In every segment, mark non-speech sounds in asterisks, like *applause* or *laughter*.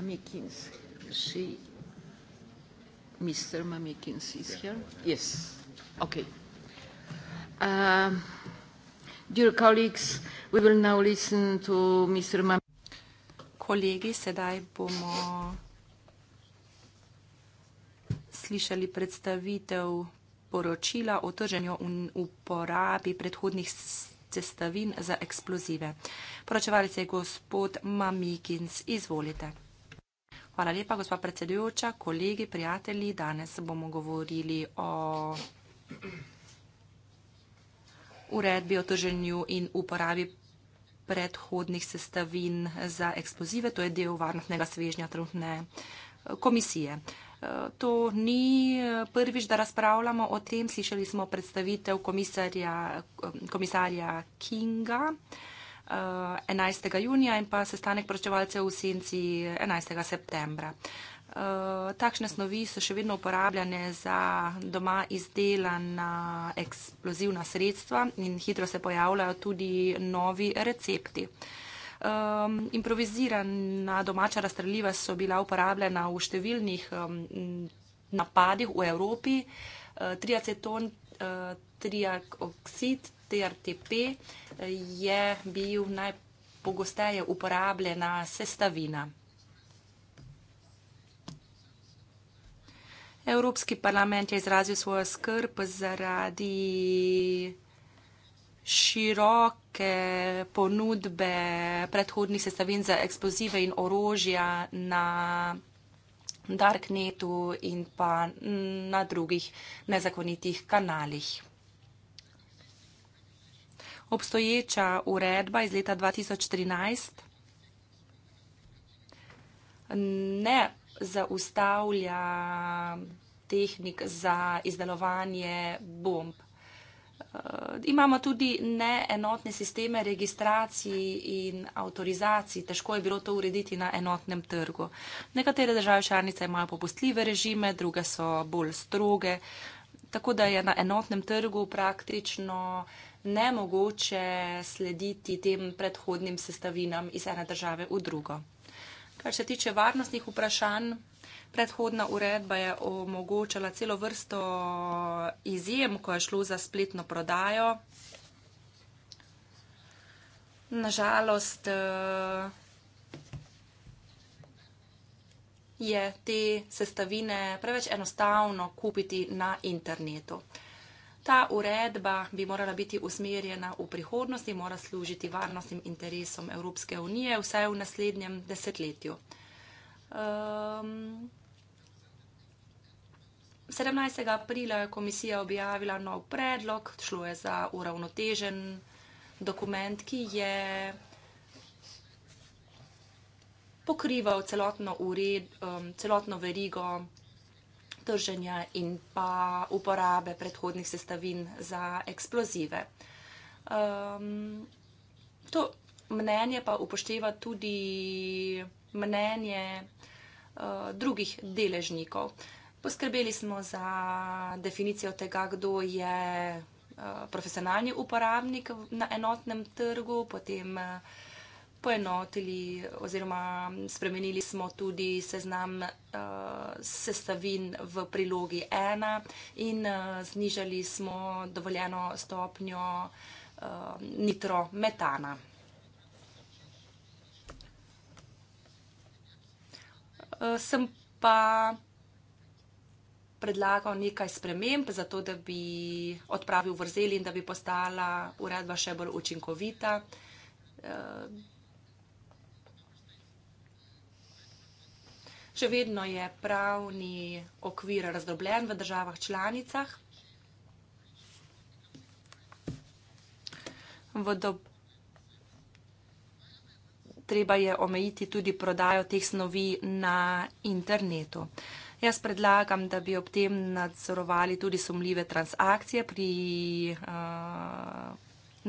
Mamikins. She, Mr. Mamikins is here? Yes. Okay. Um, dear colleagues, we will now listen to Mr. Mamikins. Kolegi, sedaj bomo slišali predstavitev poročila o trženju in uporabi predhodnih cestavin za eksplozive. Poročevalce je gospod Mamikins. Izvolite. Hvala lepa, gospa predsedujoča, kolegi, prijatelji. Danes bomo govorili o uredbi o trženju in uporabi predhodnih sestavin za eksplozive. To je del varnostnega svežnja trenutne eh, komisije. Eh, to ni eh, prvič, da razpravljamo o tem. Slišali smo predstavitev komisarja, komisarja Kinga. 11. Eh, junija in pa sestanek poročevalcev v senci 11. septembra. Eh, takšne snovi so še vedno uporabljene za doma izdelana eksplozivna sredstva in hitro se pojavljajo tudi novi recepti. Um, improvizirana domača razstreljiva so bila uporabljena v številnih um, napadih v Evropi. Uh, triaceton, uh, triaoksid, TRTP, uh, je bil najpogosteje uporabljena sestavina? Evropski parlament je izrazil svojo skrb zaradi široke ponudbe predhodnih sestavin za eksplozive in orožja na darknetu in pa na drugih nezakonitih kanalih obstoječa uredba iz leta 2013 ne zaustavlja tehnik za izdelovanje bomb. Eh, imamo tudi neenotne sisteme registracij in avtorizacij. Težko je bilo to urediti na enotnem trgu. Nekatere države članice imajo popustljive režime, druge so bolj stroge. Tako da je na enotnem trgu praktično uh, nemogoče slediti tem predhodnim sestavinam iz ene države v drugo. Kar se tiče varnostnih vprašanj, predhodna uredba je omogočala celo vrsto izjem, ko je šlo za spletno prodajo. Nažalost eh, je te sestavine preveč enostavno kupiti na internetu ta uredba bi morala biti usmerjena v prihodnosti, mora služiti varnostnim interesom Evropske unije, vsaj v naslednjem desetletju. Um, ehm, 17. aprila je komisija objavila nov predlog, šlo je za uravnotežen dokument, ki je pokrival celotno, ured, um, celotno verigo trženja in pa uporabe predhodnih sestavin za eksplozive. Um, to mnenje pa upošteva tudi mnenje uh, drugih deležnikov. Poskrbeli smo za definicijo tega, kdo je uh, profesionalni uporabnik na enotnem trgu, potem uh, poenotili oziroma spremenili smo tudi seznam uh, sestavin v prilogi 1 in uh, znižali smo dovoljeno stopnjo uh, nitrometana. Uh, sem pa predlagal nekaj sprememb, zato da bi odpravil vrzeli in da bi postala uredba še bolj učinkovita. Uh, Še vedno je pravni okvir razdrobljen v državah članicah. V do... Treba je omejiti tudi prodajo teh snovi na internetu. Jaz predlagam, da bi ob tem nadzorovali tudi sumljive transakcije pri uh,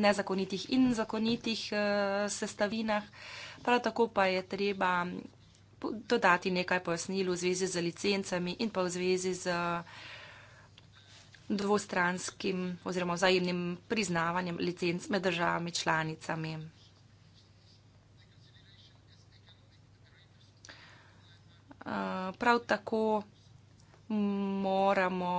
nezakonitih in zakonitih uh, sestavinah. Prav tako pa je treba dodati nekaj pojasnil v zvezi z licencami in pa v zvezi z dvostranskim oziroma vzajemnim priznavanjem licenc med državami članicami. Prav tako moramo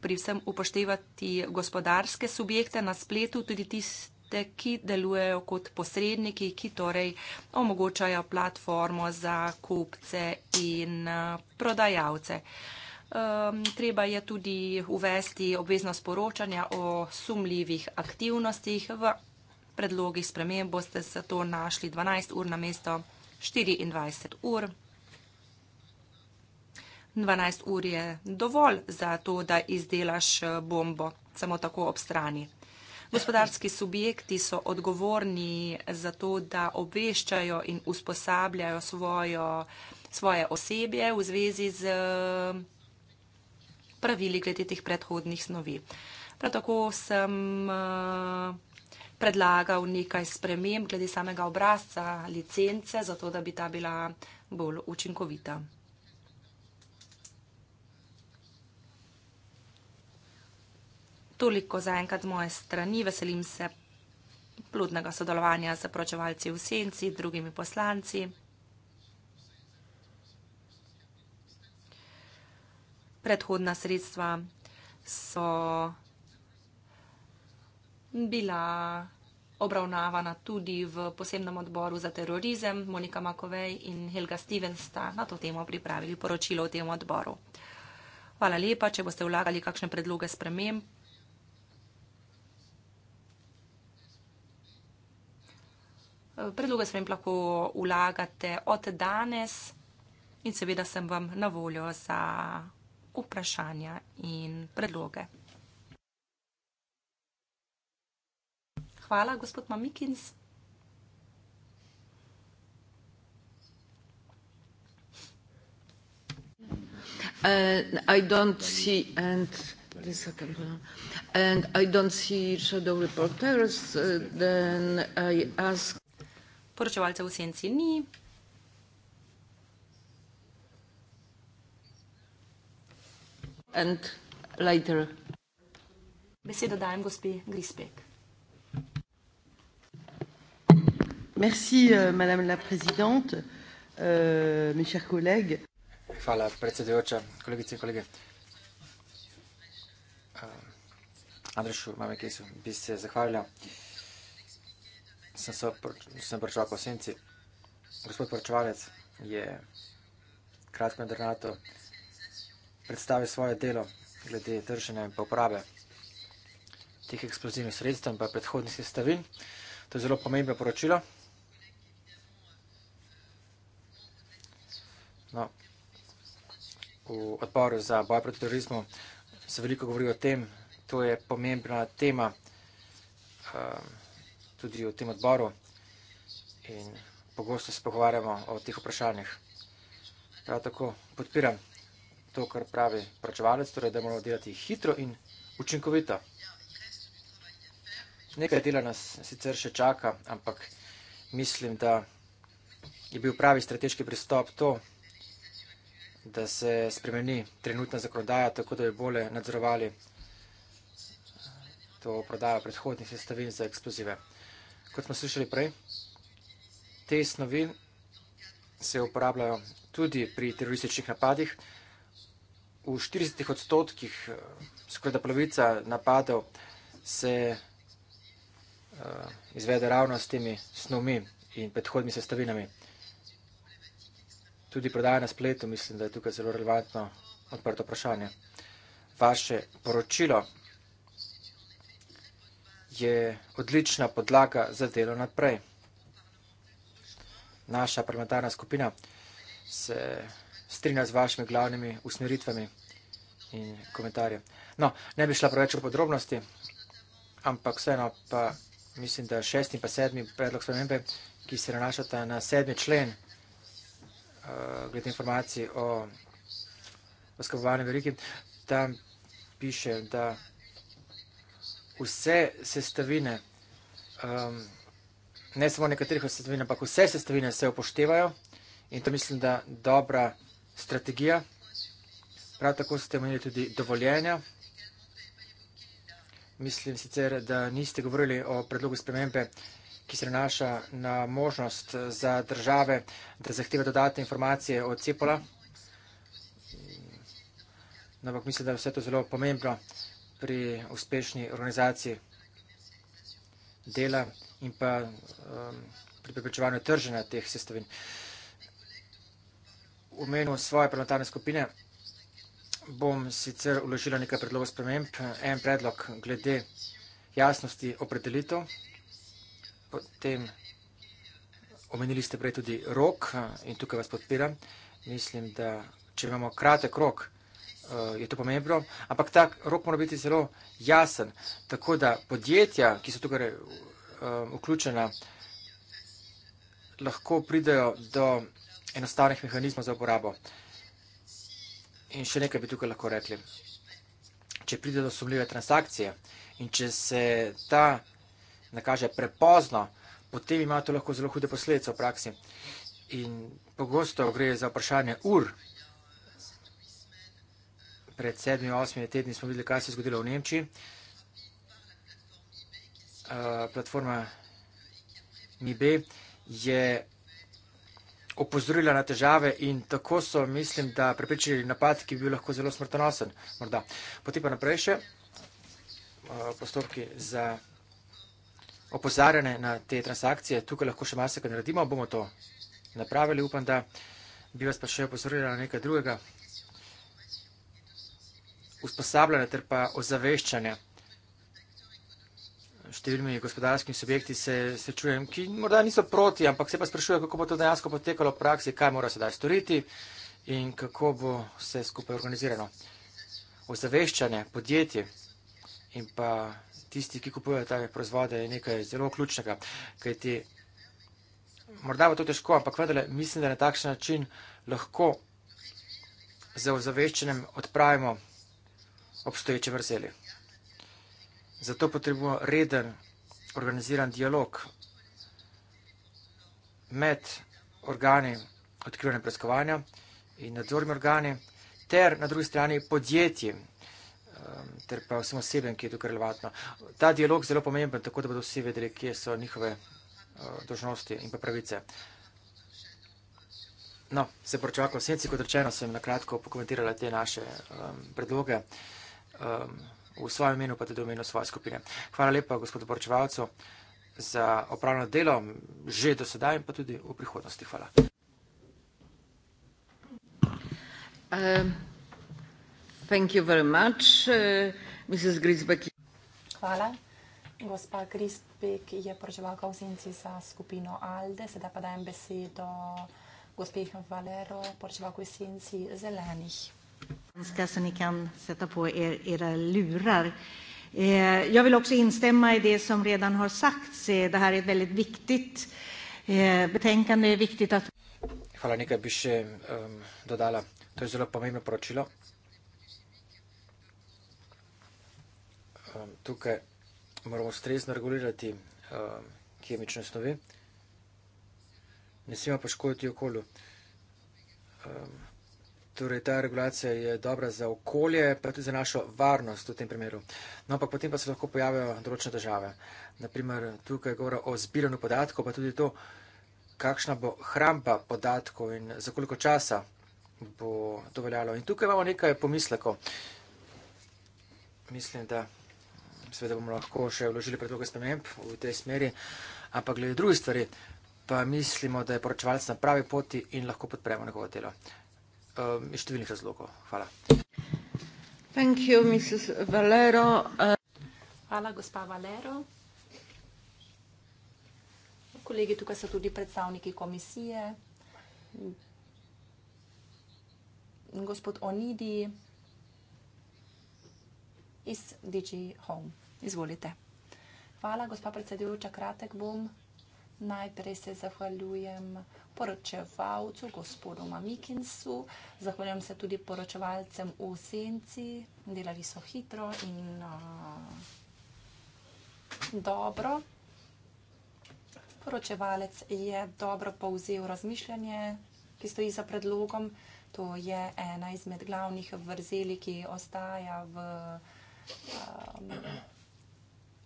pri vsem upoštevati gospodarske subjekte na spletu, tudi tiste, te, ki delujejo kot posredniki, ki torej omogočajo platformo za kupce in eh, prodajalce. Um, treba je tudi uvesti obvezno sporočanje o sumljivih aktivnostih. V predlogih sprememb boste se to našli 12 ur na mesto 24 ur. 12 ur je dovolj za to, da izdelaš eh, bombo, samo tako ob strani. Gospodarski subjekti so odgovorni za to, da obveščajo in usposabljajo svojo, svoje osebje v zvezi z pravili glede teh predhodnih snovi. Prav tako sem predlagal nekaj sprememb glede samega obrazca licence, zato da bi ta bila bolj učinkovita. toliko zaenkrat z moje strani. Veselim se pludnega sodelovanja z zapročevalci v senci, drugimi poslanci. Predhodna sredstva so bila obravnavana tudi v posebnem odboru za terorizem. Monika Makovej in Helga Stevens sta na to temo pripravili poročilo v tem odboru. Hvala lepa, če boste vlagali kakšne predloge sprememb. Eh, predloge sprem lahko vlagate od danes in seveda sem vam na voljo za vprašanja in predloge. Hvala, gospod Mamikins. Uh, I don't see, and the second one, and I don't see shadow reporters, uh, then I ask poročevalca v senci ni. And later. Besedo dajem gospe Grispek. Merci, uh, madame la présidente, uh, mes chers collègues. Hvala, predsedujoča, kolegice in kolege. Uh, Andrešu, mame Kesu, bi se zahvalila. Uh, sem, se pr sem prečakal v senci. Gospod prečevalec je kratko in drnato predstavil svoje delo glede držanja in pa uprave teh eksplozivnih sredstev in pa predhodnih sestavin. To je zelo pomembno poročilo. No, v odboru za boj proti terorizmu se veliko govori o tem, to je pomembna tema. Um, tudi v tem odboru in pogosto se pogovarjamo o teh vprašanjih. Prav tako podpiram to, kar pravi pračevalec, torej da moramo delati hitro in učinkovito. Nekaj dela nas sicer še čaka, ampak mislim, da je bil pravi strateški pristop to, da se spremeni trenutna zakonodaja, tako da bi bolje nadzorovali to prodajo predhodnih sestavin za eksplozive kot smo slišali prej, te snovi se uporabljajo tudi pri terorističnih napadih. V 40 odstotkih, eh, skoraj da polovica napadov, se eh, izvede ravno s temi snovmi in predhodnimi sestavinami. Tudi prodaja na spletu, mislim, da je tukaj zelo relevantno odprto vprašanje. Vaše poročilo je odlična podlaga za delo naprej. Naša parlamentarna skupina se strinja z vašimi glavnimi usmeritvami in komentarje. No, ne bi šla preveč v podrobnosti, ampak vseeno pa mislim, da šesti in pa sedmi predlog spremembe, ki se nanašata na sedmi člen eh, glede informacij o oskrbovanju veriki, tam piše, da vse sestavine, um, ne samo nekaterih sestavin, ampak vse sestavine se upoštevajo in to mislim, da je dobra strategija. Prav tako ste imeli tudi dovoljenja. Mislim sicer, da niste govorili o predlogu spremembe, ki se nanaša na možnost za države, da zahteva dodatne informacije o cepola. No, ampak mislim, da je vse to zelo pomembno pri uspešni organizaciji dela in pa um, pri preprečevanju trženja teh sestavin. V imenu svoje parlamentarne skupine bom sicer uložila nekaj predlogov sprememb. En predlog glede jasnosti opredelitev, potem omenili ste prej tudi rok in tukaj vas podpiram. Mislim, da če imamo kratek rok, uh, je to pomembno, ampak ta rok mora biti zelo jasen. Tako da podjetja, ki so tukaj uh, vključena, lahko pridejo do enostavnih mehanizmov za uporabo. In še nekaj bi tukaj lahko rekli. Če pride do sumljive transakcije in če se ta nakaže prepozno, potem ima to lahko zelo hude posledice v praksi. In pogosto gre za vprašanje ur, pred sedmi, osmi tedni smo videli, kaj se je zgodilo v Nemčiji. Uh, platforma MIB je opozorila na težave in tako so, mislim, da prepričali napad, ki bi bil lahko zelo smrtonosen. Morda. Potem pa naprej še uh, postopki za opozarjanje na te transakcije. Tukaj lahko še marsikaj naredimo, bomo to napravili, upam, da bi vas pa še opozorila na nekaj drugega usposabljanja ter pa ozaveščanja. Številnimi gospodarskimi subjekti se srečujem, ki morda niso proti, ampak se pa sprašujejo, kako bo to dejansko potekalo v praksi, kaj mora sedaj storiti in kako bo vse skupaj organizirano. Ozaveščanje podjetij in pa tisti, ki kupujejo ta proizvode, je nekaj zelo ključnega, kajti morda bo to težko, ampak vendarle mislim, da na takšen način lahko za ozaveščanjem odpravimo obstoječe vrzeli. Zato potrebujemo reden, organiziran dialog med organi odkrivanja preiskovanja in nadzornimi organi, ter na drugi strani podjetji, um, ter pa vsem osebem, ki je tukaj relevantno. Ta dialog je zelo pomemben, tako da bodo vsi vedeli, kje so njihove uh, dožnosti in pa pravice. No, se poročevako v senci, kot rečeno, sem nakratko pokomentirala te naše um, predloge um, v svojem imenu, pa tudi v imenu svoje skupine. Hvala lepa, gospodu poročevalcu, za opravljeno delo, že do sedaj in pa tudi v prihodnosti. Hvala. Um, uh, Hvala. Gospa Grisbek je poročevalka v senci za skupino ALDE, sedaj pa dajem besedo gospe Valero, poročevalko v senci zelenih. Så ni kan sätta på er era lurar. Eh, jag vill också instämma i det som redan har sagts. Eh, det här är ett väldigt viktigt eh, betänkande. Är viktigt att... Hvala, nekaj bi še um, dodala. To je zelo pomembno poročilo. Um, tukaj moramo strezno regulirati um, kemične snovi. Ne smemo poškoditi okolju. Um, Torej, ta regulacija je dobra za okolje, pa tudi za našo varnost v tem primeru. No, ampak potem pa se lahko pojavijo določene države. Naprimer, tukaj govora o zbiranju podatkov, pa tudi to, kakšna bo hramba podatkov in za koliko časa bo to veljalo. In tukaj imamo nekaj pomislekov. Mislim, da seveda bomo lahko še vložili predloge sprememb v tej smeri, ampak glede druge stvari, pa mislimo, da je poročevalc na pravi poti in lahko podpremo njegovo delo um, iz številnih razlogov. Hvala. Thank you, Mrs. Valero. Uh... Hvala, gospa Valero. Kolegi, tukaj so tudi predstavniki komisije. Gospod Onidi iz DG Home. Izvolite. Hvala, gospa predsedujoča, kratek bom. Najprej se zahvaljujem poročevalcu, gospodu Mamikinsu, zahvaljujem se tudi poročevalcem v Senci, delali so hitro in uh, dobro. Poročevalec je dobro povzel razmišljanje, ki stoji za predlogom. To je ena izmed glavnih vrzeli, ki ostaja v. Um,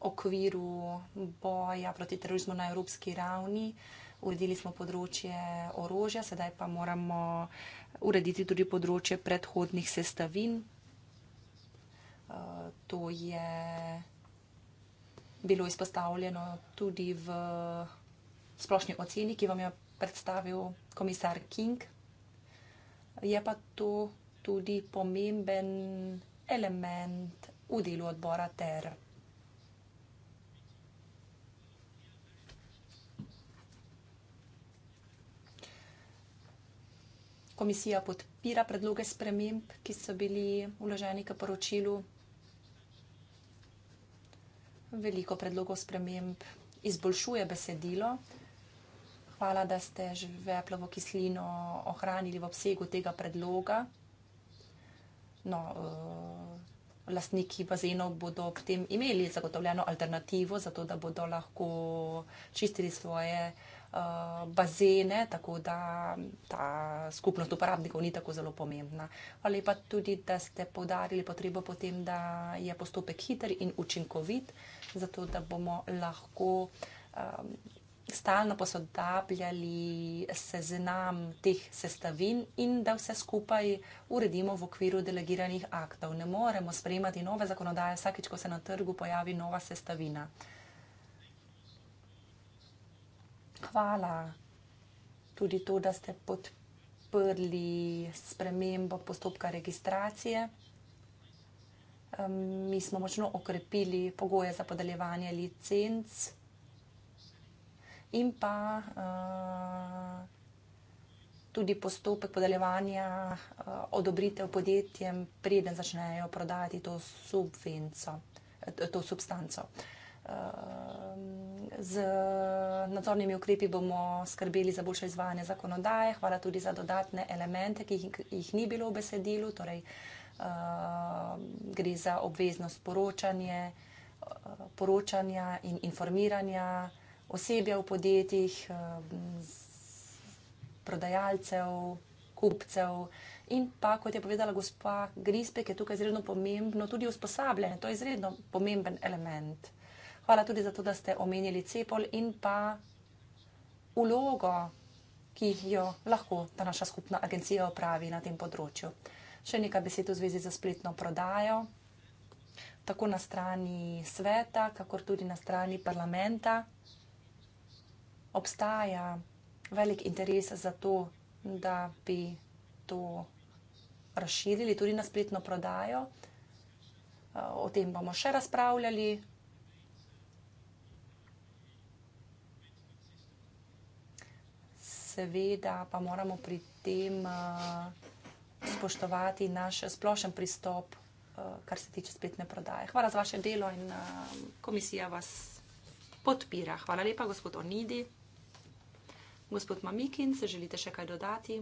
okviru boja proti terorizmu na evropski ravni. Uredili smo področje orožja, sedaj pa moramo uh, urediti tudi področje predhodnih sestavin. Uh, to je bilo izpostavljeno tudi v splošni oceni, ki vam jo predstavil komisar King. Je pa to tudi pomemben element v delu odbora ter komisija podpira predloge sprememb, ki so bili uloženi k poročilu. Veliko predlogov sprememb izboljšuje besedilo. Hvala, da ste žveplovo kislino ohranili v obsegu tega predloga. No, uh, lastniki bazenov bodo ob tem imeli zagotovljeno alternativo, zato da bodo lahko čistili svoje uh, Eh, bazene, tako da ta skupnost uporabnikov ni tako zelo pomembna. Hvala lepa tudi, da ste povdarili potrebo potem, da je postopek hiter in učinkovit, zato da bomo lahko um, stalno posodabljali seznam teh sestavin in da vse skupaj uredimo v okviru delegiranih aktov. Ne moremo sprejemati nove zakonodaje vsakeč, ko se na trgu pojavi nova sestavina hvala tudi to, da ste podprli spremembo postopka registracije. Mi smo močno okrepili pogoje za podaljevanje licenc in pa eh, tudi postopek podaljevanja eh, odobritev podjetjem, preden začnejo prodati to subvenco, eh, to substanco. Ehm, z nadzornimi ukrepi bomo skrbeli za boljše izvajanje zakonodaje. Hvala tudi za dodatne elemente, ki jih, jih ni bilo v besedilu. Torej, uh, gre za obveznost poročanje, uh, poročanja in informiranja osebja v podjetjih, uh, prodajalcev, kupcev. In pa, kot je povedala gospa Grispek, je tukaj izredno pomembno tudi usposabljanje. To je izredno pomemben element. Hvala tudi za to, da ste omenili cepol in pa ulogo, ki jo lahko ta naša skupna agencija opravi na tem področju. Še nekaj besed v zvezi za spletno prodajo. Tako na strani sveta, kakor tudi na strani parlamenta obstaja velik interes za to, da bi to razširili tudi na spletno prodajo. O tem bomo še razpravljali, seveda pa moramo pri tem uh, spoštovati naš splošen pristop, uh, kar se tiče spletne prodaje. Hvala za vaše delo in uh, komisija vas podpira. Hvala lepa, gospod Onidi. Gospod Mamikin, se želite še kaj dodati?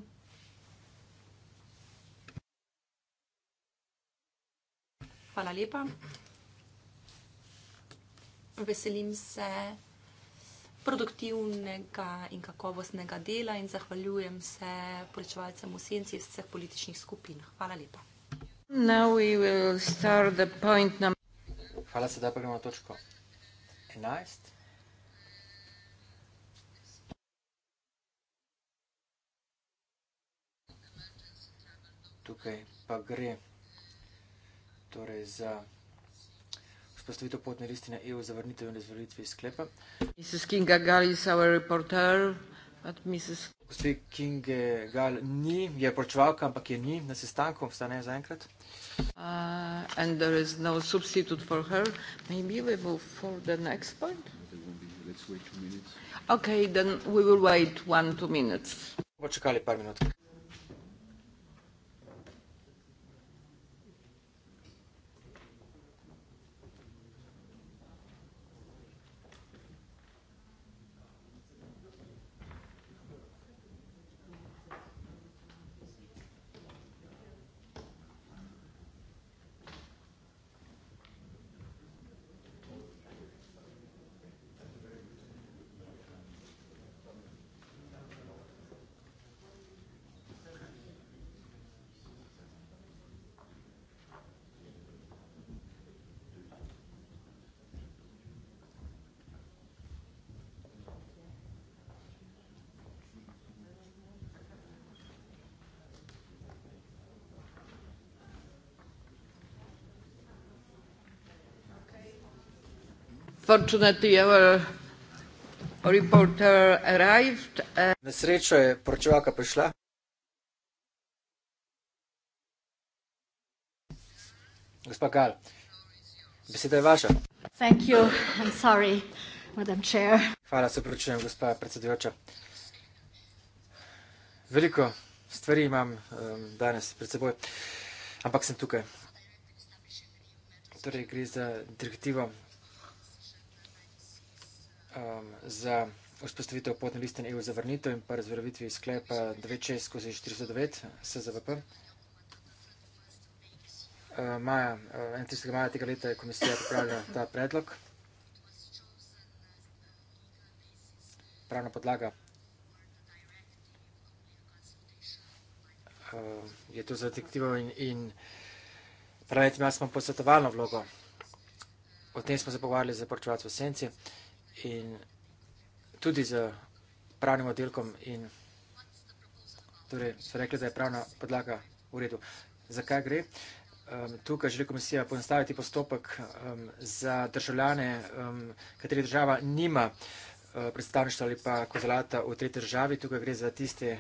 Hvala lepa. Veselim se produktivnega in kakovostnega dela in zahvaljujem se poročevalcem v senci iz vseh političnih skupin. Hvala lepa. Hvala, sedaj pa gremo na točko 11. Tukaj pa gre torej za izpostavitev potne listine EU za vrnitev in izvrnitve iz sklepa. Gospod King Gal ni, je poročevalka, ampak je ni na sestanku, ostane za enkrat. Uh, no Počakali okay, par minut. Fortunately, our reporter arrived. Uh, Na srečo je poročevalka prišla. Gospa Kal, beseda je vaša. Thank you. I'm sorry, Madam Chair. Hvala, se pročujem, gospa predsedujoča. Veliko stvari imam um, danes pred seboj, ampak sem tukaj. Torej, gre za direktivo um, za vzpostavitev potne liste EU za vrnitev in pa razveljavitvi sklepa 26 skozi 409 SZVP. Uh, maja, uh, 31. maja tega leta je komisija pripravila ta predlog. Pravna podlaga uh, je to za detektivo in, in pravi, da imamo posvetovalno vlogo. O tem smo se pogovarjali z poročevalcem v senci. Uh, in tudi z pravnim oddelkom in torej so rekli, da je pravna podlaga v redu. Zakaj gre? Um, tukaj želi komisija ponastaviti postopek um, za državljane, um, kateri država nima uh, predstavništva ali pa kozalata v tretji državi. Tukaj gre za tiste,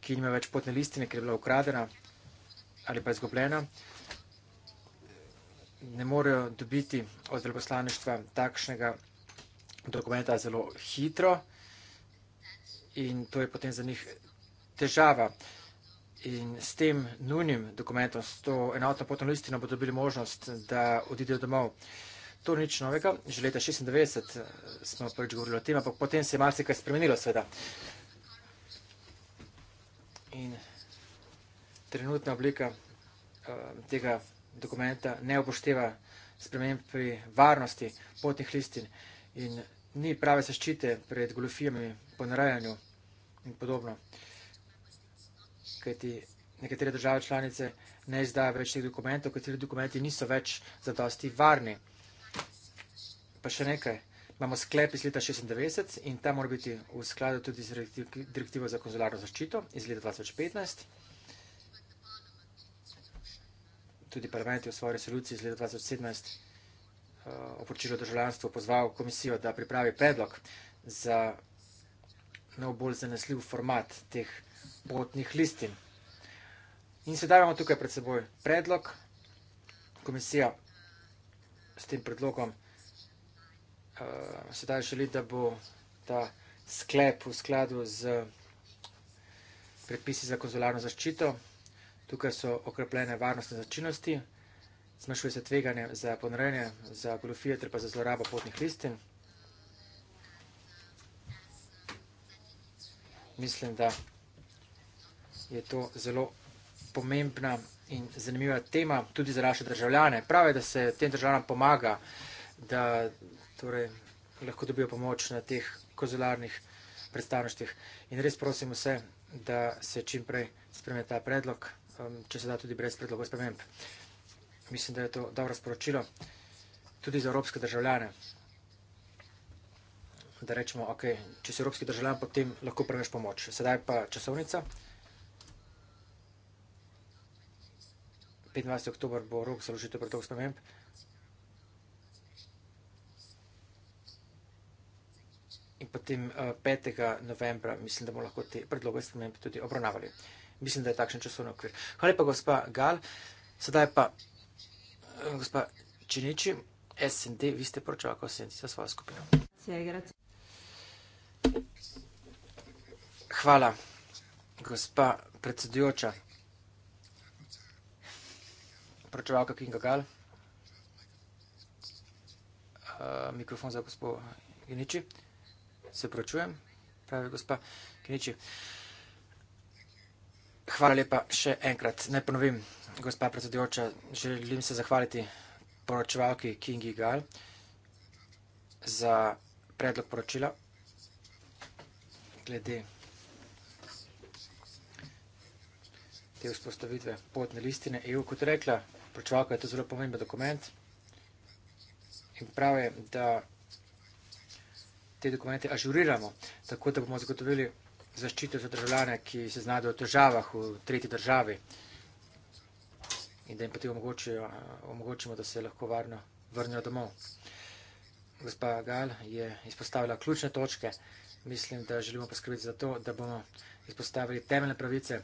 ki nima več potne listine, ker je bila ukradena ali pa izgobljena ne morejo dobiti od veleposlaništva takšnega dokumenta zelo hitro in to je potem za njih težava. In s tem nujnim dokumentom, s to enotno potno listino, bodo dobili možnost, da odidejo domov. To ni nič novega. Že leta 96 eh, smo prvič govorili o tem, ampak potem se je marsikaj spremenilo, seveda. In trenutna oblika uh, tega dokumenta ne upošteva sprememb pri varnosti potnih listin in ni prave seščite pred golofijami, ponarajanju in podobno. Kajti nekatere države članice ne izdajo več teh dokumentov, kateri dokumenti niso več za dosti varni. Pa še nekaj. Imamo sklep iz leta 96 in ta mora biti v skladu tudi z direktivo za konzularno zaščito iz leta 2015. tudi parlament je v svoji resoluciji iz leta 2017 eh, o počilu državljanstvu pozval komisijo, da pripravi predlog za nov bolj zanesljiv format teh potnih listin. In sedaj imamo tukaj pred seboj predlog. Komisija s tem predlogom eh, sedaj želi, da bo ta sklep v skladu z predpisi za konzularno zaščito, Tukaj so okrepljene varnostne značilnosti, zmanjšuje se tveganje za ponarejanje, za goljofije ter pa za zlorabo potnih listin. Mislim, da je to zelo pomembna in zanimiva tema tudi za naše državljane. Prav je, da se tem državam pomaga, da torej, lahko dobijo pomoč na teh kozularnih predstavništvih. In res prosim vse, da se čim prej spremeta predlog. Um, če se da tudi brez predlogov sprememb. Mislim, da je to dobro sporočilo tudi za evropske državljane. Da rečemo, ok, če si evropski državljan, potem lahko prejmeš pomoč. Sedaj pa časovnica. 25. oktober bo rok za vložitev predlogov sprememb. In potem 5. Eh, novembra mislim, da bomo lahko te predloge sprememb tudi obravnavali mislim, da je takšen časovni okvir. Hvala lepa, gospa Gal. Sedaj pa, eh, gospa Činiči, SND, vi ste poročevalka SND za svojo skupino. Hvala, gospa predsedujoča. Poročevalka Kinga Gal. Uh, mikrofon za gospod Geniči. Se pročujem, pravi gospa Geniči. Uh, Hvala lepa še enkrat. Naj ponovim, gospa predsedujoča, želim se zahvaliti poročevalki Kingi Gal za predlog poročila glede te vzpostavitve potne listine EU. Kot rekla, poročevalka je to zelo pomemben dokument in prav je, da te dokumente ažuriramo, tako da bomo zagotovili vsega, zaščito za državljane, ki se znajdejo v težavah v tretji državi in da jim potem eh, omogočimo, da se lahko varno vrnijo domov. Gospa Gal je izpostavila ključne točke. Mislim, da želimo poskrbiti za to, da bomo izpostavili temeljne pravice,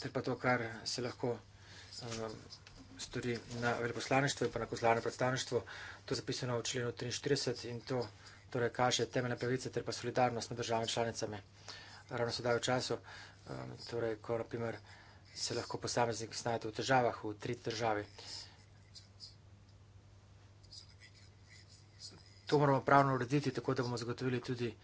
ter pa to, kar se lahko eh, stori na veljeposlaništvu in pa na kozlarno predstavništvu. To je zapisano v členu 43 in to je torej kaže temeljne pravice ter pa solidarnost med državami članicami. Ravno sedaj v času, um, torej, ko naprimer se lahko posameznik znajde v težavah v tri državi. To moramo pravno urediti, tako da bomo zagotovili tudi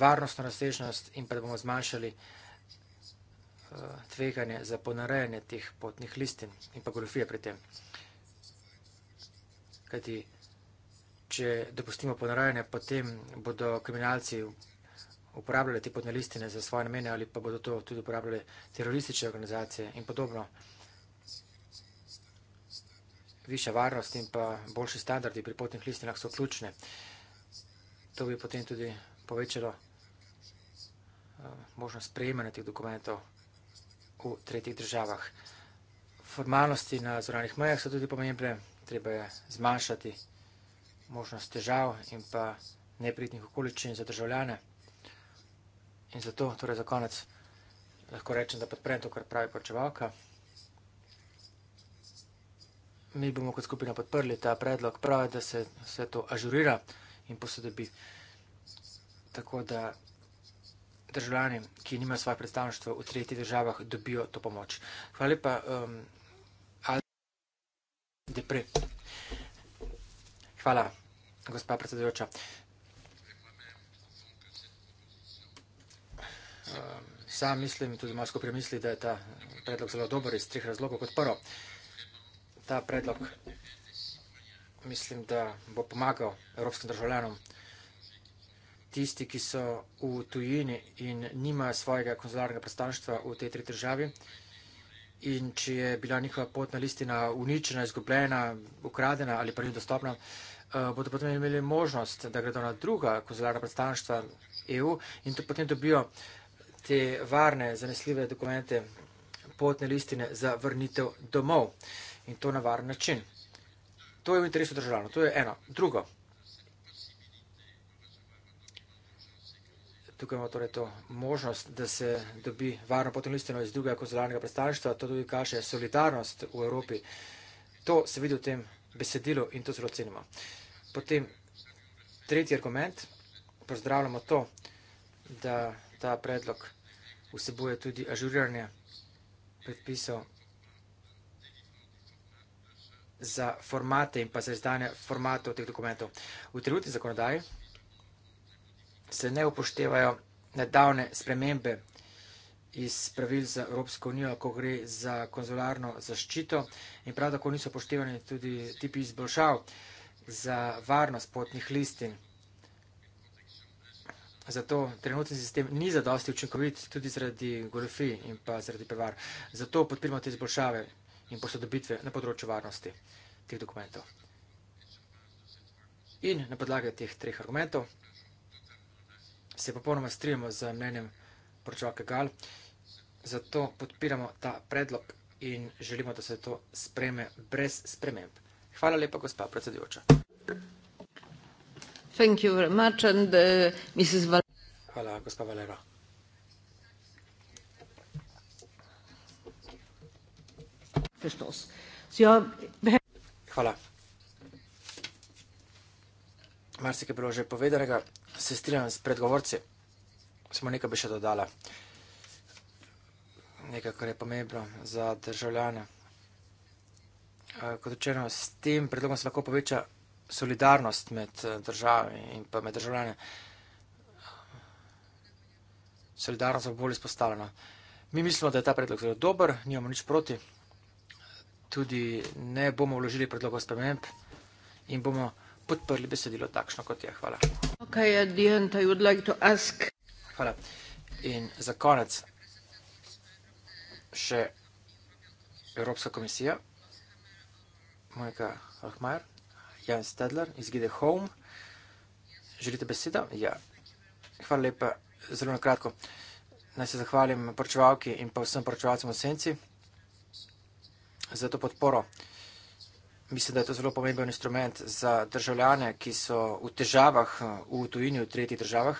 varnostno razsežnost in pa da bomo zmanjšali uh, tveganje za ponarejanje teh potnih listin in pa golfije pri tem. Kajti če dopustimo ponarajanje, potem bodo kriminalci uporabljali te podnalistine za svoje namene ali pa bodo to tudi uporabljali teroristične organizacije in podobno. Višja varnost in pa boljši standardi pri potnih listinah so ključne. To bi potem tudi povečalo eh, možnost prejemanja teh dokumentov v tretjih državah. Formalnosti na zvoranih mejah so tudi pomembne, treba je zmanjšati vsega možnost težav in pa neprijetnih okoličin za državljane. In zato, torej za konec, lahko rečem, da podprem to, kar pravi plačevalka. Mi bomo kot skupina podprli ta predlog, pravi, da se vse to ažurira in posodobi. Tako da državljani, ki nimajo svoje predstavništvo v tretjih državah, dobijo to pomoč. Hvala lepa. Um, Depre. Hvala, gospa predsedujoča. Eh, sam mislim, tudi malo skupaj misli, da je ta predlog zelo dober iz treh razlogov. Kot prvo, ta predlog mislim, da bo pomagal evropskim državljanom tisti, ki so v tujini in nima svojega konzularnega predstavništva v tej tri državi in če je bila njihova potna listina uničena, izgubljena, ukradena ali pa ni dostopna, eh, bodo potem imeli možnost, da gredo na druga konzularna predstavništva EU in to potem dobijo te varne, zanesljive dokumente, potne listine za vrnitev domov in to na varen način. To je v interesu državljanov, to je eno. Drugo, tukaj imamo torej to možnost, da se dobi varno potno listino iz drugega konzularnega predstavništva, to tudi kaže solidarnost v Evropi. To se vidi v tem besedilu in to zelo cenimo. Potem tretji argument, pozdravljamo to, da ta predlog vsebuje tudi ažuriranje predpisov za formate in pa za izdanje formatov teh dokumentov. V trenutni zakonodaji se ne upoštevajo nedavne spremembe iz pravil za Evropsko unijo, ko gre za konzularno zaščito in prav tako niso upoštevani tudi tipi izboljšav za varnost potnih listin. Zato trenutni sistem ni zadosti učinkovit tudi zaradi goljofij in pa zaradi prevar. Zato podpiramo te izboljšave in posodobitve na področju varnosti teh dokumentov. In na podlage teh treh argumentov se popolnoma strijemo z mnenjem poročevalke Gal, zato podpiramo ta predlog in želimo, da se to spreme brez sprememb. Hvala lepa, gospa predsedujoča. Uh, Hvala, gospa Valero. Ja, Hvala. Marsik je bilo že povedanega se strinjam s predgovorci, samo nekaj bi še dodala. Nekaj, kar je pomembno za državljane. Kot rečeno, s tem predlogom se lahko poveča solidarnost med eh, državami in pa med državljane. Solidarnost bo bolj izpostavljena. Mi mislimo, da je ta predlog zelo dober, nimamo nič proti. Tudi ne bomo vložili predlogov sprememb in bomo podprli besedilo takšno, kot je. Hvala. Hvala. In za konec še Evropska komisija, Monika Hohmajer, Jan Stedler iz Gide Home. Želite besedo? Ja. Hvala lepa, zelo na kratko. Naj se zahvalim poročevalki in pa vsem poročevalcem v Senci za to podporo. Mislim, da je to zelo pomemben instrument za državljane, ki so v težavah v tujini, v tretjih državah.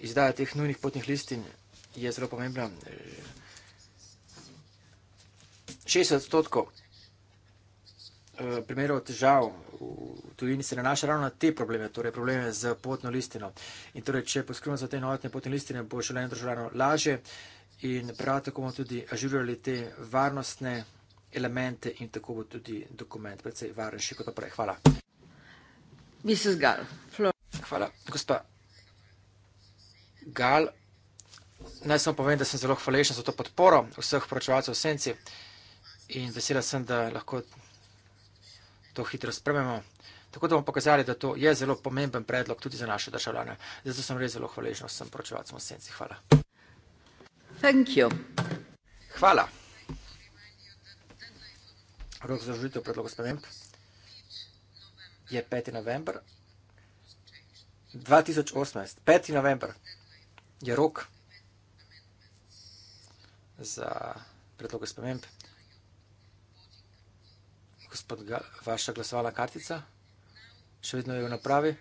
Izdaja teh nujnih potnih listin je zelo pomembna. 60 odstotkov eh, primerov težav v tujini se nanaša ravno na te probleme, torej probleme z potno listino. In torej, če poskrbimo za te novotne potne listine, bo šele eno državljano lažje in prav tako bomo tudi ažurirali te varnostne elemente in tako bo tudi dokument precej varnejši kot prej. Hvala. Mrs. Gal. Flo. Hvala. Gospa Gal, naj samo povem, da sem zelo hvaležen za to podporo vseh poročevalcev v Senci in vesela sem, da lahko to hitro sprememo. Tako da bomo pokazali, da to je zelo pomemben predlog tudi za naše državljane. Zato sem res zelo hvaležen vsem poročevalcem v Senci. Hvala. Thank you. Hvala. Rok za vložitev predloga sprememb je 5. november 2018. 5. november je rok za predloga sprememb. Gospod, vaša glasovalna kartica še vedno je v napravi.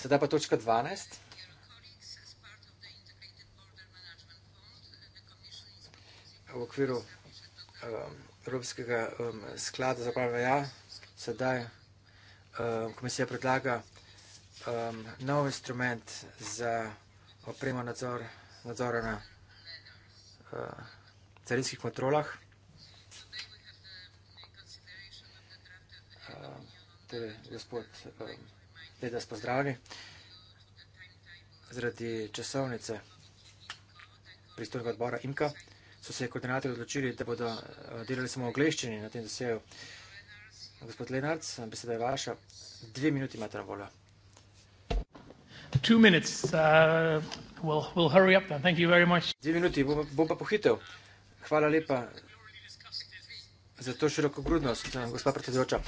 Sedaj pa točka 12. V okviru ehm, Evropskega um, sklada za pravno ja, sedaj um, komisija predlaga um, nov instrument za opremo nadzor, nadzora na uh, carinskih kontrolah. Um, torej, gospod um, Leda, spozdravljeni. Zradi časovnice pristojnega odbora IMKA so se koordinati odločili, da bodo eh, delali samo ogleščeni na tem zaseju. Gospod Lenarc, beseda je vaša. Dve minuti imate na voljo. Uh, Dve minuti, bom pa pohitev. Hvala lepa za to široko grudnost, eh, gospod predsedujoča.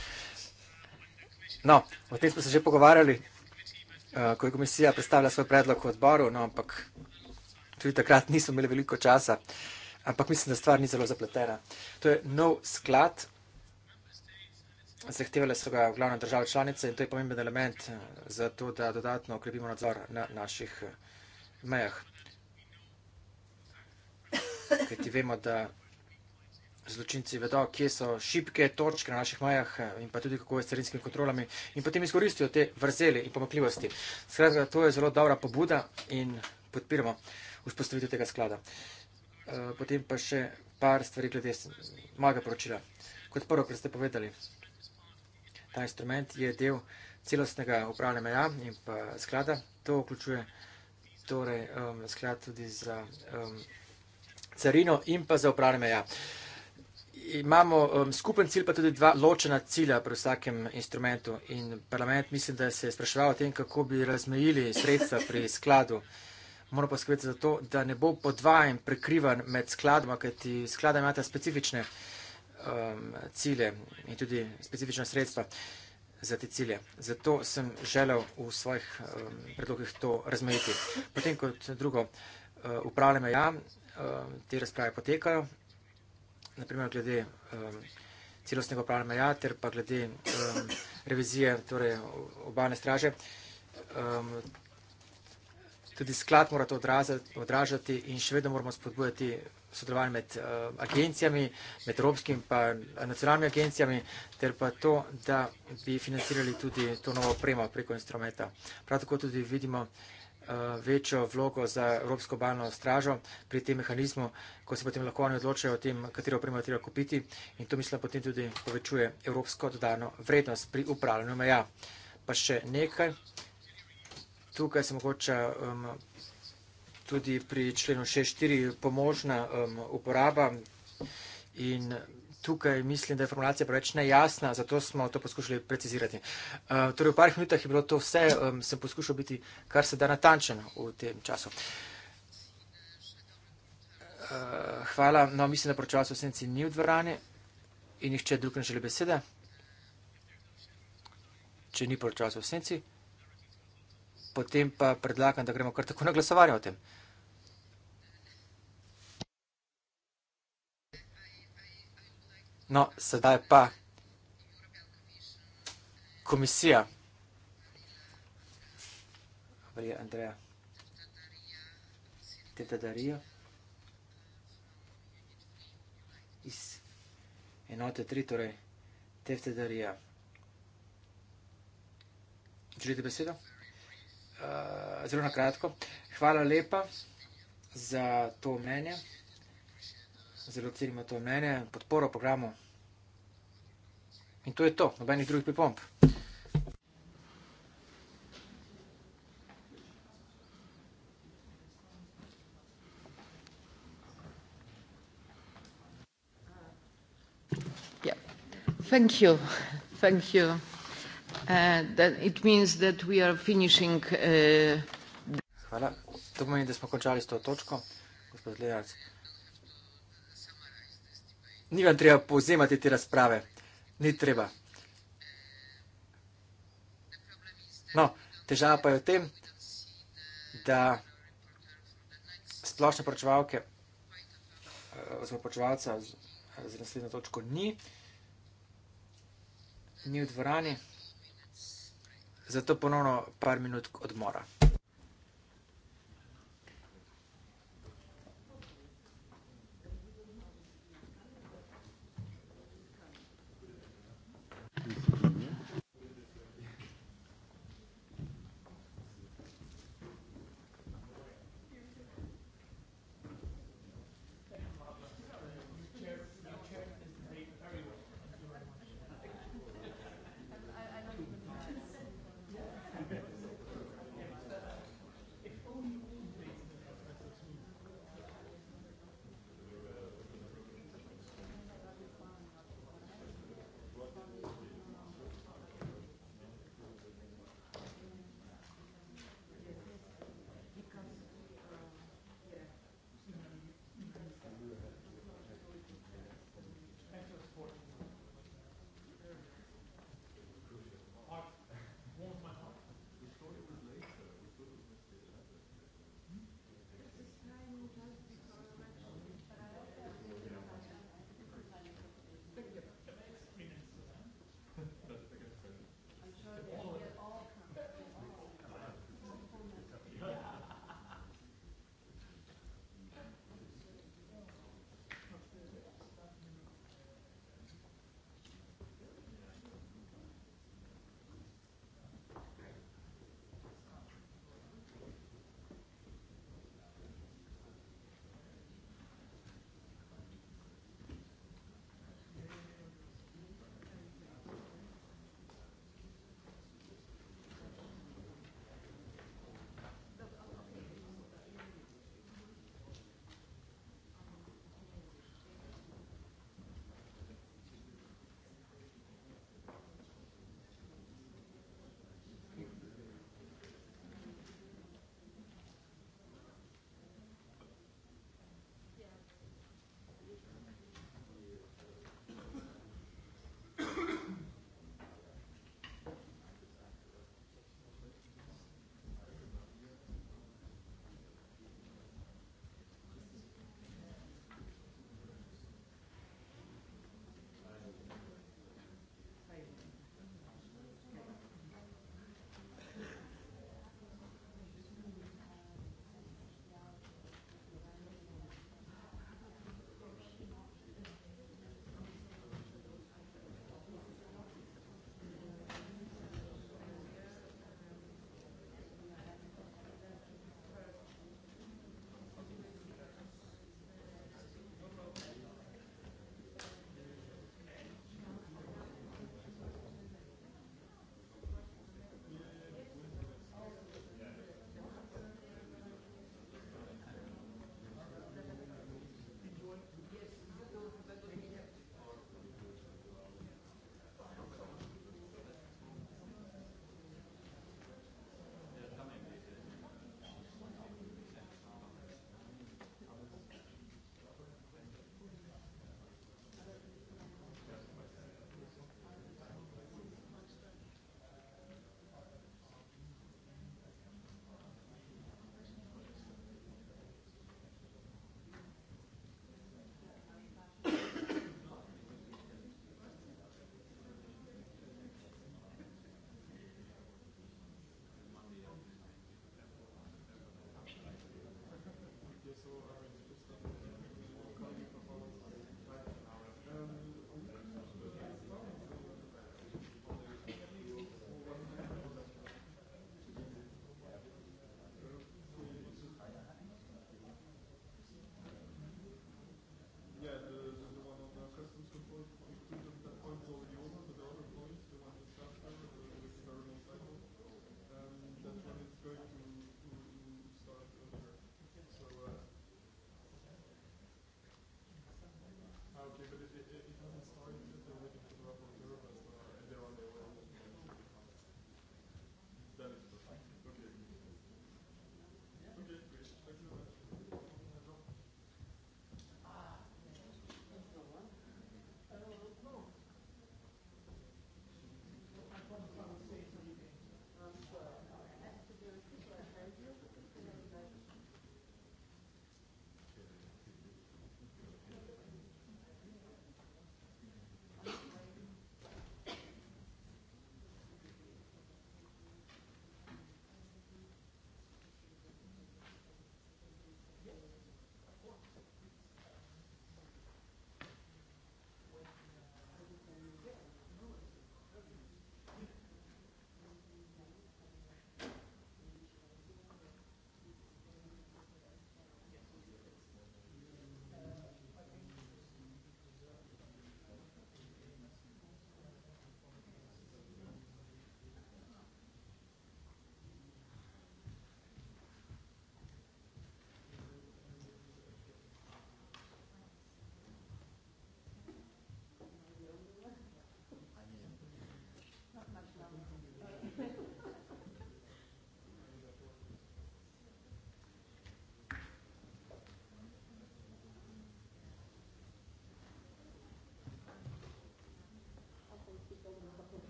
No, o tem smo se že pogovarjali, eh, ko je komisija predstavila svoj predlog v odboru, no, ampak tudi takrat nismo imeli veliko časa ampak mislim, da stvar ni zelo zapletena. To je nov sklad, zahtevale so ga v glavne države članice in to je pomemben element eh, za to, da dodatno okrepimo nadzor na naših eh, mejah. Kaj ti vemo, da zločinci vedo, kje so šipke, točke na naših majah eh, in pa tudi kako je s carinskimi kontrolami in potem izkoristijo te vrzeli in pomakljivosti. Skratka, to je zelo dobra pobuda in podpiramo vzpostavitev tega sklada. Uh, Eh, potem pa še par stvari glede mojega poročila. Kot prvo, kar ste povedali, ta instrument je del celostnega upravljanja meja in pa sklada. To vključuje torej, um, sklad tudi za um, carino in pa za upravljanje meja. Imamo um, skupen cilj, pa tudi dva ločena cilja pri vsakem instrumentu. In parlament mislim, da se je spraševal o tem, kako bi razmejili sredstva pri skladu. Uh, mora poskrbeti za to, da ne bo podvajen, prekrivan med skladoma, kajti sklada imata specifične um, cilje in tudi specifična sredstva za te cilje. Zato sem želel v svojih um, predlogih to razmejiti. Potem kot drugo, uh, upravljame ja, um, te razprave potekajo, naprimer glede um, celostnega upravljanja ja, ter pa glede um, revizije, torej obalne straže. Um, tudi sklad mora to odražati in še vedno moramo spodbujati sodelovanje med uh, agencijami, med evropskim in eh, nacionalnimi agencijami, ter pa to, da bi financirali tudi to novo opremo preko instrumenta. Prav tako tudi vidimo uh, večjo vlogo za Evropsko obalno stražo pri tem mehanizmu, ko se potem lahko oni odločajo o tem, katero opremo treba kupiti in to mislim potem tudi povečuje evropsko dodano vrednost pri upravljanju meja. Pa še nekaj. Tukaj se mogoče um, tudi pri členu 6.4 pomožna um, uporaba in tukaj mislim, da je formulacija preveč nejasna, zato smo to poskušali precizirati. Uh, torej v parih minutah je bilo to vse, um, sem poskušal biti kar se da natančen v tem času. Uh, hvala, no mislim, da pročevalc v senci ni v dvorani in nihče drug ne želi besede. Če ni pročevalc v senci potem pa predlagam, da gremo kar tako na glasovanje o tem. No, sedaj pa komisija. Hvala je Andreja. Teta Darija. Iz enote tri, torej. Teta Darija. Želite besedo? Hvala uh, zelo na kratko. Hvala lepa za to mnenje. Zelo cenimo to mnenje, podporo programu. In to je to, nobenih drugih pripomp. Thank you. Thank you. Uh, it means that we are finishing uh, Hvala. To pomeni, da smo končali s to točko, gospod Lejac. Ni vam treba povzemati te razprave. Ni treba. No, težava pa je v tem, da splošne poročevalke eh, oziroma poročevalca z, z naslednjo točko ni, ni v dvorani zato ponovno par minut odmora.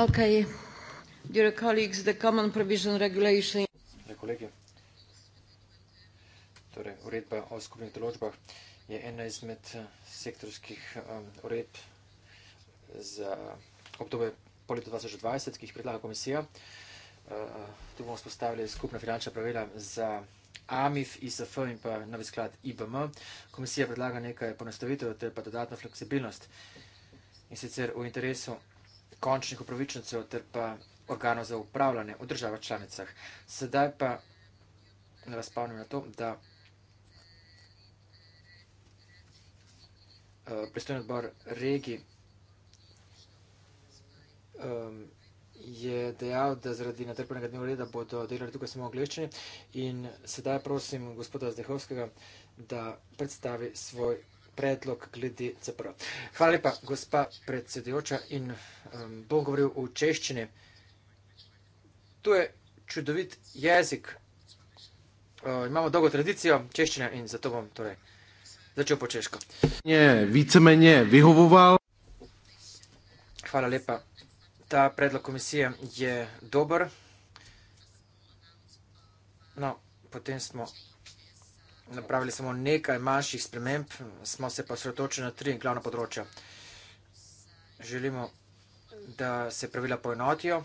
Okay. Dear colleagues, the common provision regulation. Kolegi. Torej, uredba o skupnih določbah je ena izmed eh, sektorskih um, uredb za obdobje po letu 2020, ki jih predlaga komisija. Uh, tu bomo spostavili skupna finančna pravila za AMIF, ISF in pa novi sklad IBM. Komisija predlaga nekaj ponastavitev, ter pa dodatno fleksibilnost. In sicer v interesu končnih upravičencev ter pa organov za upravljanje v državah članicah. Sedaj pa vas spomnim na to, da eh, pristojen odbor regi je dejal, da zaradi natrpenega dnevo reda bodo delali tukaj samo angliščini in sedaj prosim gospoda Zdehovskega, da predstavi svoj predlog glede CPR. Hvala lepa, gospa predsedujoča in um, bom govoril v češčini. Tu je čudovit jezik, imamo dolgo tradicijo češčine in zato bom torej začel po češko. Je více menje vyhovoval. Hvala lepa. Ta predlog komisije je dober. No, potem smo napravili samo nekaj manjših sprememb, smo se pa sretočili na tri glavna področja. Želimo, da se pravila poenotijo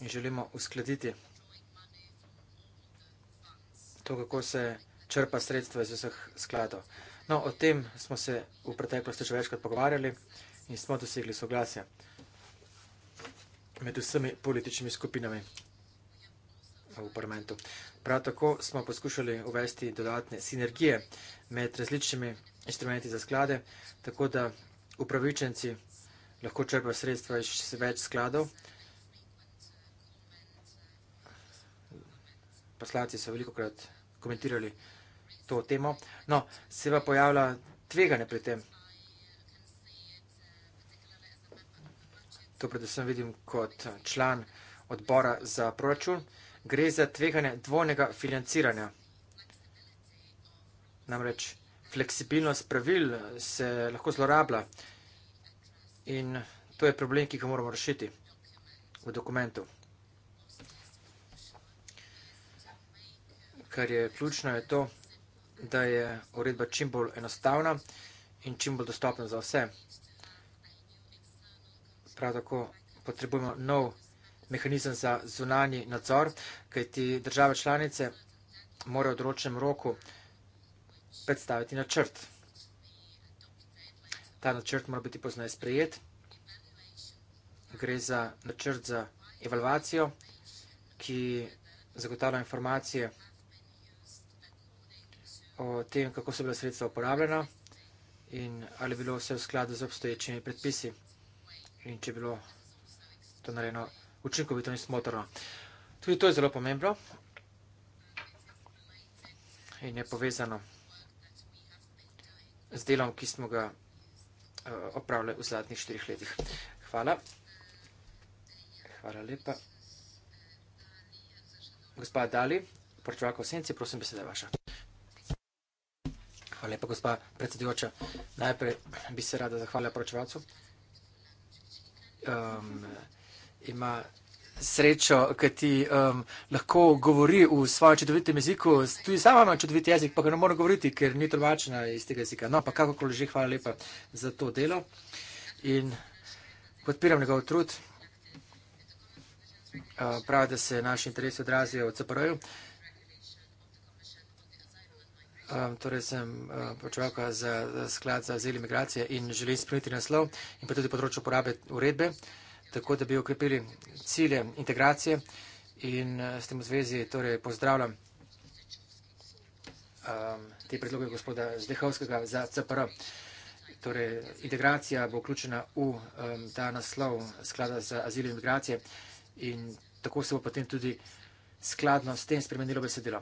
in želimo uskladiti to, kako se črpa sredstva iz vseh skladov. No, o tem smo se v preteklosti še večkrat pogovarjali in smo dosegli soglasje med vsemi političnimi skupinami v parlamentu. Prav tako smo poskušali uvesti dodatne sinergije med različnimi instrumenti za sklade, tako da upravičenci lahko črpajo sredstva iz več skladov. Poslanci so veliko krat komentirali to temo. No, se pa pojavlja tveganje pri tem. To predvsem vidim kot član odbora za proračun gre za tveganje dvojnega financiranja. Namreč fleksibilnost pravil se lahko zlorablja in to je problem, ki ga moramo rešiti v dokumentu. Kar je ključno je to, da je uredba čim bolj enostavna in čim bolj dostopna za vse. Prav tako potrebujemo nov financiranje mehanizem za zunani nadzor, kajti države članice morajo v določenem roku predstaviti načrt. Ta načrt mora biti poznaj sprejet. Gre za načrt za evalvacijo, ki zagotavlja informacije o tem, kako so bila sredstva uporabljena in ali je bilo vse v skladu z obstoječimi predpisi in če je bilo to narejeno vsega učinkovito in smotrno. Tudi to je zelo pomembno in je povezano z delom, ki smo ga eh, opravljali v zadnjih štirih letih. Hvala. Hvala lepa. Gospa Dali, portovaka v senci, prosim, beseda je vaša. Hvala lepa, gospa predsedujoča. Najprej bi se rada zahvalila poročevalcu. Hvala ehm, lepa ima srečo, ker ti um, lahko govori v svojem čudovitem jeziku, tudi sama ima čudovit jezik, pa ga ne more govoriti, ker ni tolmačena iz tega jezika. No, pa kakokoli že, hvala lepa za to delo in podpiram njegov trud. Uh, prav, da se naši interesi odrazijo v CPR-ju. Um, torej sem uh, počevalka za, za sklad za azil imigracije in želim spremeniti naslov in pa tudi področje uporabe uredbe. Uh, tako da bi okrepili cilje integracije in eh, s tem v zvezi torej pozdravljam um, te predloge gospoda Zdehovskega za CPR. Torej, integracija bo vključena v um, ta naslov sklada za azil in migracije in tako se bo potem tudi skladno s tem spremenilo besedilo.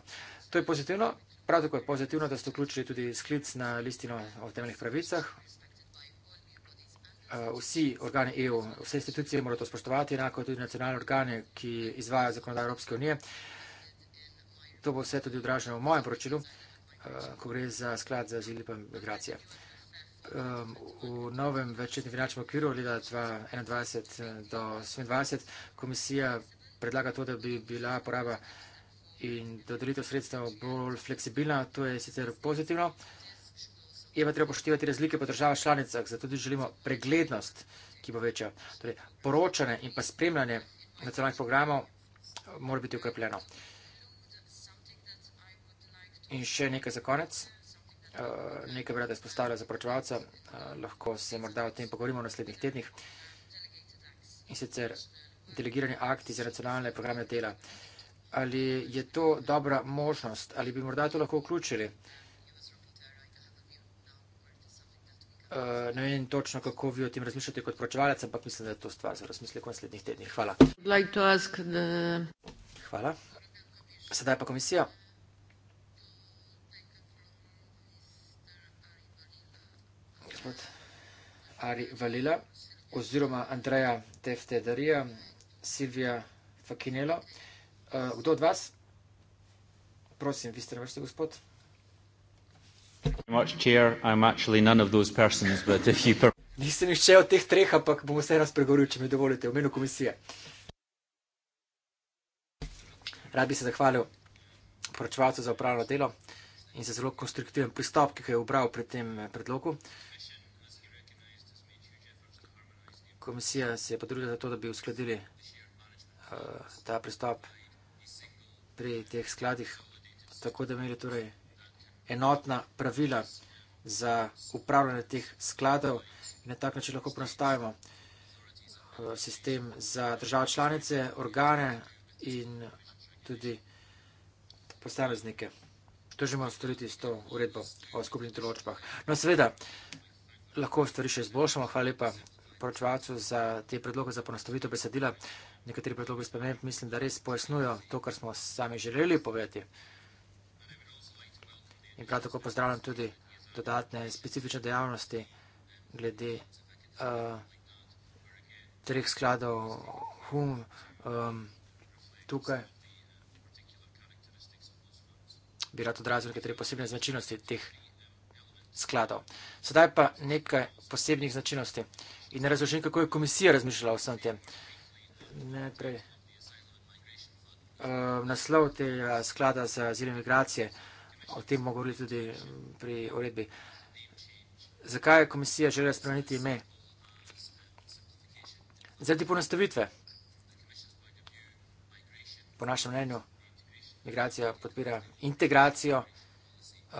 To je pozitivno, prav tako je pozitivno, da ste vključili tudi sklic na listino o temeljnih pravicah, Eh, vsi organi EU, vse institucije morajo to spoštovati, enako tudi nacionalne organe, ki izvajajo zakonodajo Evropske unije. To bo vse tudi odraženo v mojem poročilu, eh, ko gre za sklad za zili pa migracije. V novem večetnem finančnem okviru leta 2021 eh, do 2027 komisija predlaga to, da bi bila poraba in dodelitev sredstev bolj fleksibilna, to je sicer pozitivno, je pa treba upoštevati razlike po državah članicah, zato tudi želimo preglednost, ki bo večja. Torej, poročanje in pa spremljanje nacionalnih programov eh, mora biti ukrepljeno. In še nekaj za konec, eh, nekaj vrata izpostavlja za poročevalca, eh, lahko se morda o tem pogovorimo v naslednjih tednih, in sicer delegirani akti za nacionalne programe dela. Ali je to dobra možnost, ali bi morda to lahko vključili? Uh, ne vem točno, kako vi o tem razmišljate kot pročevalec, ampak mislim, da je to stvar za razmislek v naslednjih tednih. Hvala. Like the... Hvala. Sedaj pa komisija. Gospod Ari Valila oziroma Andreja Teftedarija, Silvija Fakinelo. Uh, eh, kdo od vas? Prosim, vi ste na vrsti, gospod. *laughs* Nisem nišče od teh treh, ampak bom vse razpregovoril, če mi dovolite, v imenu komisije. Rad bi se zahvalil poročevalcu za upravljeno delo in za zelo konstruktiven pristop, ki ga je upravil pri tem eh, predlogu. Komisija se je podružila za to, da bi uskladili uh, ta pristop pri teh skladih, tako da imeli torej enotna pravila za upravljanje teh skladov in na tak način lahko prostavimo eh, sistem za države članice, organe in tudi posameznike. To želimo storiti s to uredbo o skupnih določbah. No, seveda, lahko stvari še izboljšamo. Hvala lepa poročevalcu za te predloge za ponastavitev besedila. Nekateri predlogi spremenb mislim, da res pojasnujo to, kar smo sami želeli povedati in prav tako pozdravljam tudi dodatne specifične dejavnosti glede uh, treh skladov HUM um, tukaj. Bi rad odrazil nekatere posebne značilnosti teh skladov. Sedaj pa nekaj posebnih značilnosti in razložim, kako je komisija razmišljala o vsem tem. Najprej uh, naslov tega sklada za zile migracije. Uh, O tem bomo govorili tudi mm, pri uredbi. Zakaj je komisija želela spremeniti ime? Zaradi ponastavitve. Po našem mnenju, migracija podpira integracijo, uh,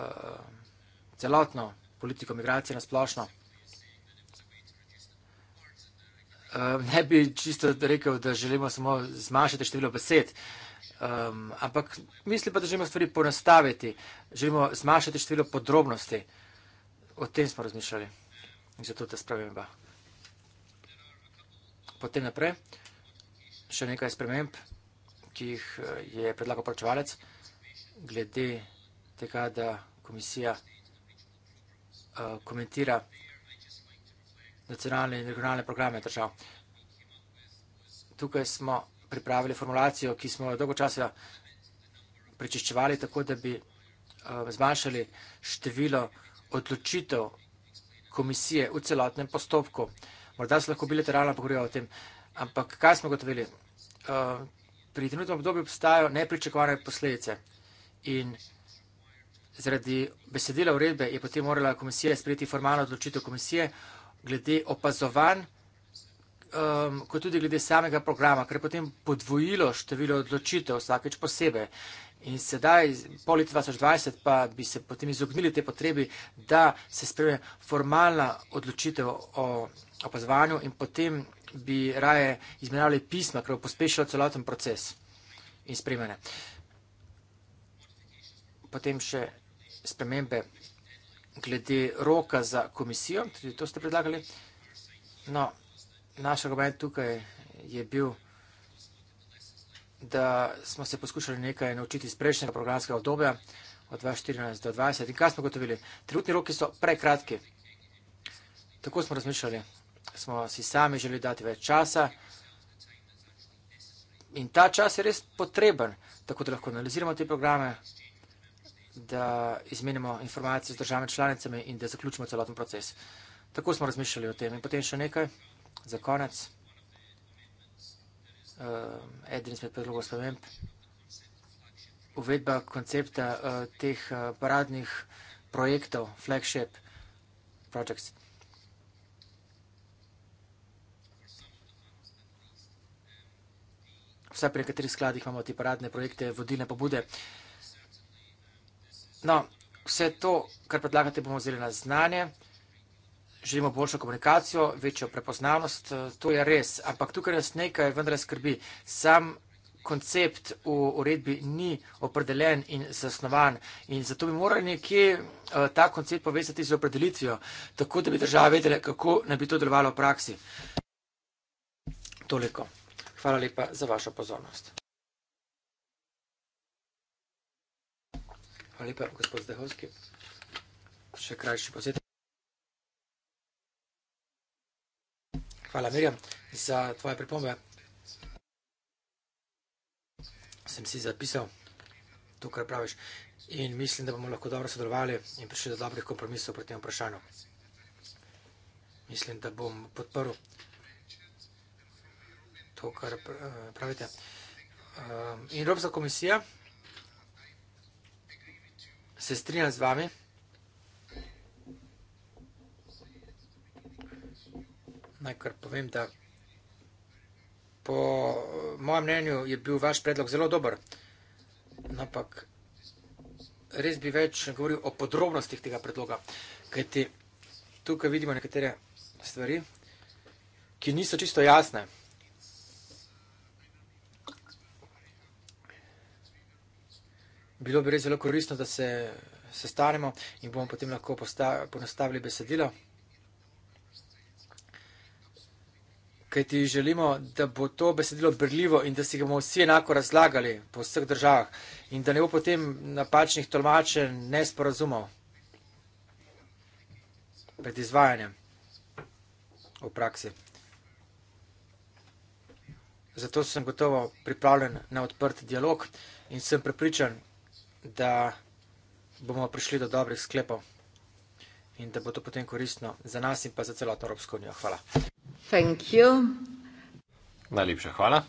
celotno politiko migracije na splošno. Uh, ne bi čisto rekel, da želimo samo zmanjšati število besed. Uh, Um, ampak mislim pa, da želimo stvari ponastaviti, želimo zmanjšati število podrobnosti. O tem smo razmišljali in zato ta sprememba. Potem naprej, še nekaj sprememb, ki jih eh, je predlagal pračevalec, glede tega, da komisija uh, komentira nacionalne in regionalne programe držav. Tukaj smo pripravili formulacijo, ki smo jo dolgo časa prečiščevali, tako da bi um, zmanjšali število odločitev komisije v celotnem postopku. Morda se lahko bilateralno pogovorijo o tem, ampak kaj smo gotovili? Um, pri trenutnem obdobju obstajajo nepričakovane posledice in zaradi besedila uredbe je potem morala komisija sprejeti formalno odločitev komisije glede opazovanj um, kot tudi glede samega programa, ker je potem podvojilo število odločitev vsakeč posebej. In sedaj, pol leta 2020, pa bi se potem izognili te potrebi, da se spreme formalna odločitev o opazovanju in potem bi raje izmenjali pisma, ker bo pospešilo celoten proces in spremene. Potem še spremembe glede roka za komisijo, tudi to ste predlagali. No, naš argument tukaj je bil, da smo se poskušali nekaj naučiti iz prejšnjega programskega obdobja od 2014 do 2020 in kaj smo gotovili? Trenutni roki so prekratki. Tako smo razmišljali. Smo si sami želeli dati več časa in ta čas je res potreben, tako da lahko analiziramo te programe, da izmenimo informacije z državami članicami in da zaključimo celoten proces. Tako smo razmišljali o tem in potem še nekaj. Za konec, eh, eden izmed predlogov sprememb, uvedba koncepta eh, teh eh, paradnih projektov, flagship projects. Vsa pri nekaterih skladih imamo te paradne projekte, vodilne pobude. No, vse to, kar predlagate, bomo vzeli na znanje želimo boljšo komunikacijo, večjo prepoznavnost, eh, to je res. Ampak tukaj nas nekaj vendar skrbi. Sam koncept v uredbi ni opredeljen in zasnovan in zato bi morali nekje eh, ta koncept povezati z opredelitvijo, tako da bi država vedela, kako naj bi to delovalo v praksi. Toliko. Hvala lepa za vašo pozornost. Hvala lepa, gospod Zdehovski. Še krajši posjetek. Hvala, Mirjam, za tvoje pripombe. Sem si zapisal to, kar praviš, in mislim, da bomo lahko dobro sodelovali in prišli do dobrih kompromisov pri tem vprašanju. Mislim, da bom podprl to, kar eh, pravite. Eh, in Evropska komisija se strinja z vami. najkar povem, da po mojem mnenju je bil vaš predlog zelo dober, ampak res bi več govoril o podrobnostih tega predloga, kajti tukaj vidimo nekatere stvari, ki niso čisto jasne. Bilo bi res zelo koristno, da se sestanemo in bomo potem lahko ponastavili besedilo. Kaj ti želimo, da bo to besedilo brljivo in da si ga bomo vsi enako razlagali po vseh državah in da ne bo potem napačnih tolmačen nesporazumov pred izvajanjem v praksi. Zato sem gotovo pripravljen na odprt dialog in sem prepričan, da bomo prišli do dobrih sklepov in da bo to potem koristno za nas in pa za celotno Evropsko unijo. Hvala. Thank you. Najlepša hvala.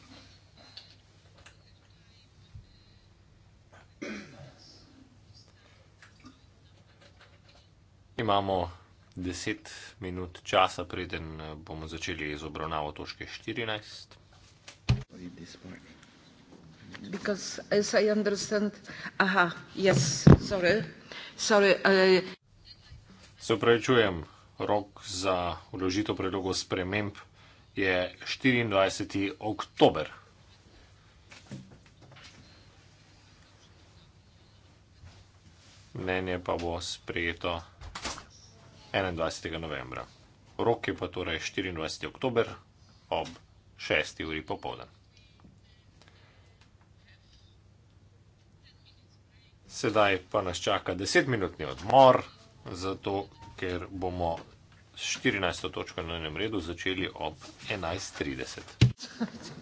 Imamo deset minut časa, preden eh, bomo začeli z obravnavo točke 14. Because as I understand, aha, yes, sorry, sorry. Uh... Se upravičujem, rok za uložitev predlogov sprememb je 24. oktober. Mnenje pa bo sprejeto 21. novembra. Rok je pa torej 24. oktober ob 6. uri popovdan. Sedaj pa nas čaka 10-minutni odmor, zato ker bomo s 14. točko na enem redu začeli ob 11.30.